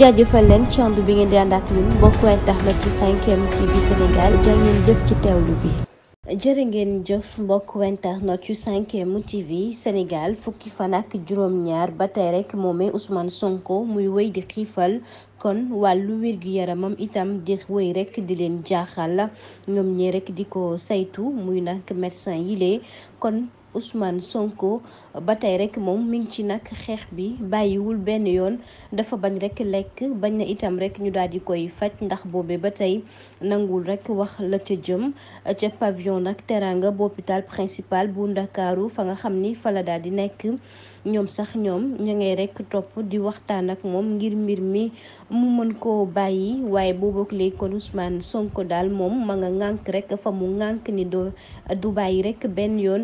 jaajëfal leen ci ànd bi ngeen di ànd ak ñun mbokku internet bu 5M TV Sénégal jaa ngeen jëf ci teewlu bi. jërë ngeen jëf mbokku internet yu 5M TV Sénégal fukki fan ak juróom-ñaar ba tey rek moomee Ousmane Sonko muy wéy di xiifal kon wàllu wér gi yaramam itam di wéy rek di leen jaaxal ñoom ñi rekk di ko saytu muy nag médecin yi lee kon Ousmane Sonko ba tey rek moom mu ngi ci nag xeex bi bàyyiwul benn yoon dafa bañ rekk lekk bañ na itam rek ñu daal di koy faj ndax boobe ba tey nanguwul rek wax la ca jëm ca pavillon nag teranga bu hôpital principal bu Ndakaaru fa nga xam ni fa la daal di nekk ñoom sax ñoom ña ngay rek topp di waxtaan ak moom ngir mbir mi mu mën koo bàyyi waaye boobook léegi kon Ousmane Sonko daal moom ma nga ŋànk rek fa mu ŋànk ni doo du bàyyi rek benn yoon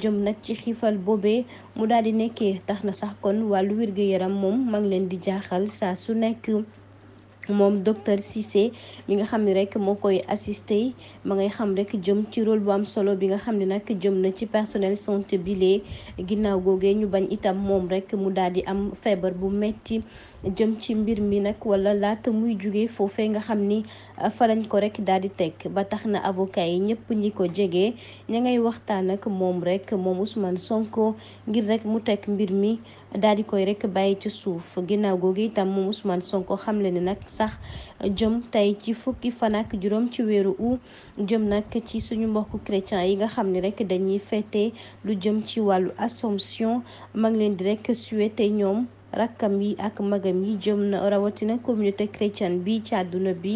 jëm nag ci xiifal boobee mu daal di nekkee tax na sax kon wàllu wér-gu-yaram moom ma leen di jaaxal saa su nekk. moom docteur Cissé mi nga xam ni rek moo koy assisté ma ngay xam rek jëm ci rôle bu am solo bi nga xam ni nag jëm na ci personnel santé bile ginnaaw googee ñu bañ itam moom rek mu daal di am feebar bu metti jëm ci mbir mi nag wala laata muy jugee foofee nga xam ni ah, fa ko rek daal di teg ba tax na avocat yi ñëpp ñi ko jege ña ngay waxtaan ak moom rek moom Ousmane Sonko ngir rek mu teg mbir mi daal di koy rek bàyyi ci suuf ginnaaw googee itam moom Ousmane Sonko xamle ne nag. sax jëm tey ci fukki fan juróom ci weeru u jëm nak ci suñu mbokku chrétien yi nga xam ni rek dañuy fêter lu jëm ci wàllu Assomption mag leen di rek souhaiter ñoom rakkam yi ak magam yi jëm na rawatina communauté chrétienne bi ci àdduna bi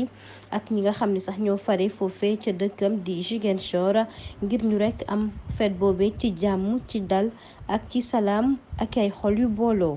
ak ñi nga xam ni sax ñoo fare foofe ca dëkkam di Ziguinchor ngir ñu rekk am fête boobe ci jàmm ci dal ak ci salaam ak ay xol yu booloo